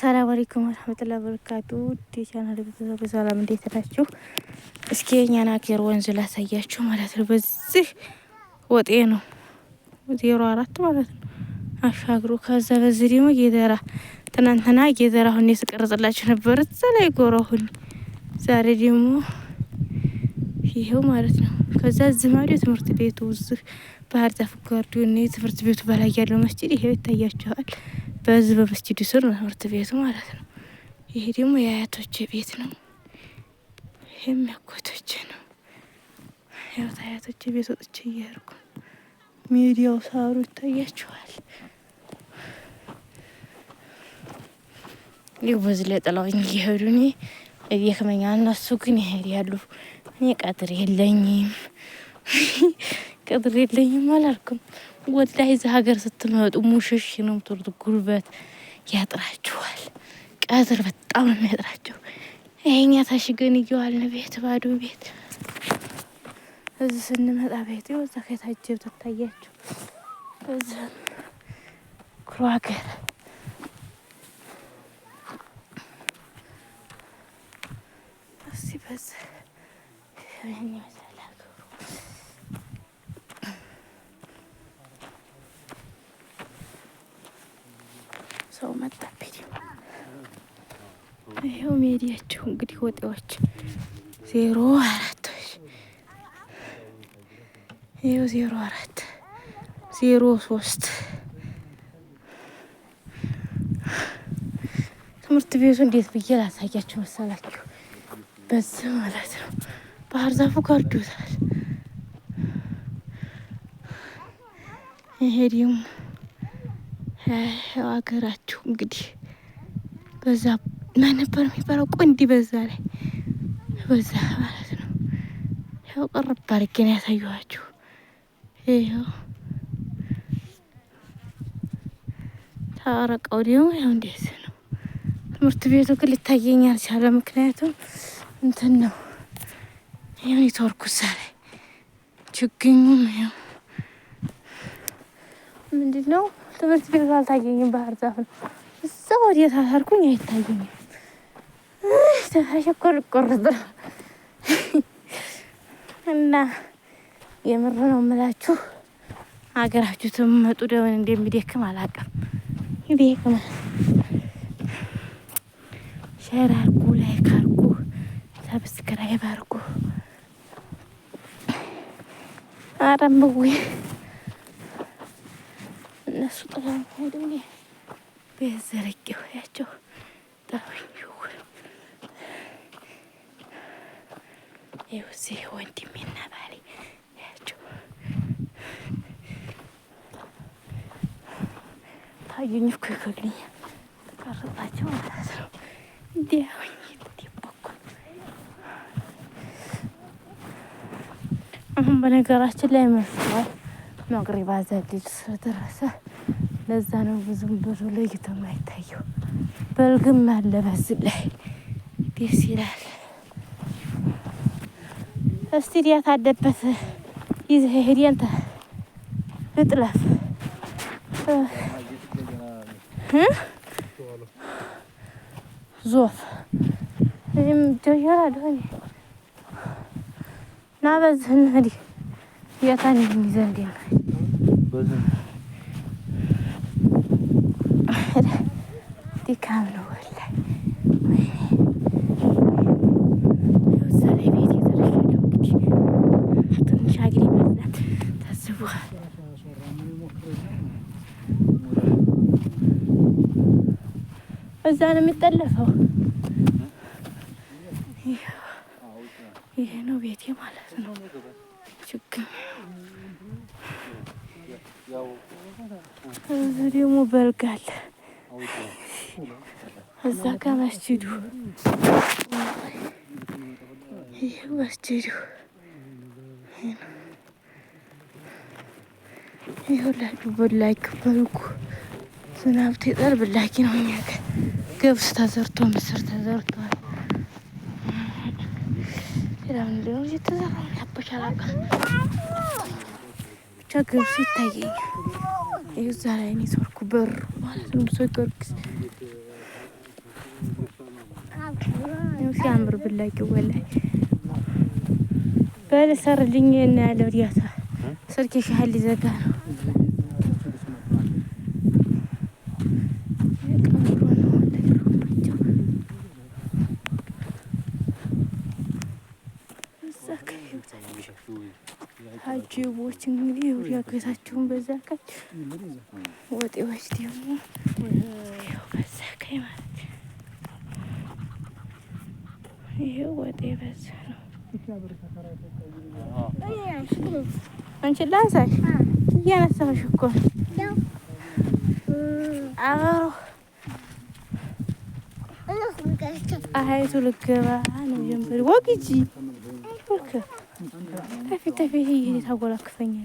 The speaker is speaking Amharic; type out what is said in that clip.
አሰላም አለይኩም ወራህመቱላሂ ወበረካቱ ቻናል ቤተሰብ ሰላም፣ እንዴት ናችሁ? እስኪ የእኛን ሀገር ወንዝ ላሳያችሁ ማለት ነው። በዚህ ወጤ ነው ዜሮ አራት ማለት ነው አሻግሮ። ከዛ በዚህ ደግሞ ጌደራ፣ ትናንትና ጌደራ ሁኔ ስቀርጽላችሁ ነበር። እዛ ላይ ጎራ ሁኔ፣ ዛሬ ደግሞ ይሄው ማለት ነው። ከዛ እዚህ ማዶ ትምህርት ቤቱ እዚህ ባህር ዛፍ ጋርዲዮን ትምህርት ቤቱ በላይ ያለው መስጂድ ይሄው ይታያችኋል። በዚህ በመስጂዱ ስር ነው ትምህርት ቤቱ ማለት ነው። ይሄ ደግሞ የአያቶቼ ቤት ነው። ይህም ያጎቶቼ ነው። ያው አያቶቼ ቤት ወጥቼ እየሄድኩ ሚዲያው ሳሩ ይታያችኋል። ይህ በዚህ ላይ ጥለውኝ እየሄዱ እኔ እየክመኛ እነሱ ግን ይሄድ ያሉ እኔ ቀጥር የለኝም ቀጥር የለኝም አላልኩም። ወላሂ እዚህ ሀገር ስትመጡ ሙሽሽ ነው የምትወርዱ። ጉልበት ያጥራችኋል። ቀትር በጣም ነው የሚያጥራችሁ። ይሄኛ ታሽገን እየዋልን ቤት ባዶ ቤት፣ እዚህ ስንመጣ ቤት ወዛ ከታጀብ ትታያችሁ። እዚህ ኩሩ ሀገር እስቲ በዚህ ይኸው ሜዲያቸው እንግዲህ ወጤዎች ዜሮ አራቶች ይኸው ዜሮ አራት ዜሮ ሶስት ትምህርት ቤቱ እንዴት ብዬ ላሳያችሁ መሰላችሁ? በዚህ ማለት ነው። ባህር ዛፉ ጋርዶታል። ይሄ ደግሞ ሀገራችሁ እንግዲህ በዛ ማን ነበር የሚባለው? ቆንዲ በዛ ላይ በዛ ማለት ነው። ያው ቅርብ አድርጌ ነው ያሳየኋችሁ። ይኸው ታረቀው ደግሞ ያው እንዴት ነው። ትምህርት ቤቱ ግን ሊታየኝ አልቻለ። ምክንያቱም እንትን ነው ይኸው ኔትወርኩ እዛ ላይ ችግኙም ይኸው ምንድን ነው ትምህርት ቤቱ አልታየኝም። ባህር ዛፍ ነው እዛ ወዲያ ታሰርኩኝ አይታየኝም። ተሸኮርቆር እና የምር ነው የምላችሁ። ሀገራችሁ ትመጡ ደውን እንደሚደክም አላውቅም። ይደክም። ሸር አርጉ፣ ላይክ አርጉ፣ ሰብስክራይብ አርጉ። አረምቡ እነሱ ጥላ ሄደ ቤት ዘረቄው ያቸው ጠሩኝ። ይህ ወንድሜና ባሌ ያቸው ታዩኝ እኮ ይከግልኛል ተቀርጣቸው ማለት ነው። እንዲያውኝ አሁን በነገራችን ላይ መስሏል መቅሪብ አዛልጅ ስለደረሰ ለዛ ነው ብዙም ብዙ ለይቶ የማይታየው። በልግም አለ በዚህ ላይ ደስ ይላል። እስቲዲያ ታደበት ይዘህ ሂድ አንተ ዞፍ ጀጀራ ደሆኔ ና በዚህ እንሂድ። የታን የሚዘንድ ነው እዛ ነው የሚጠለፈው። ይሄ ነው ቤቴ ማለት ነው። ችግር እዚህ ደግሞ በልጋል። እዛ ጋ መስጂዱ ይህ መስጂዱ ይኸውላችሁ በላኪ በልኩ ዝናብ ትጠል ብላኪ ነው። እኛ ገብስ ተዘርቶ ምስር ተዘርቷል። ሌላም የተዘራ ያበሻላቃ ብቻ ገብሱ ይታየኛል። እዛ ላይ ኔትወርኩ በሩ ማለት ነው። ሰው ጊዮርጊስ ሲያምር ብላኪ ወላይ በል ሰርልኝ እና ያለው ዲያታ ስልክ ሻህል ሊዘጋ ነው አጅቦች እንግዲህ ያገታችሁን በዛ ቀች ወጤዎች ደግሞ በዛ ቀይ ማለት ይሄ ወጤ በዛ ነው። አንቺ ላንሳሽ እያነሳሁሽ እኮ አዎ ፀሐይቱ ልገባ ነው ጀንበር ወግጂ ፊት ለፊት እየሄደ ታጎላክፈኛል።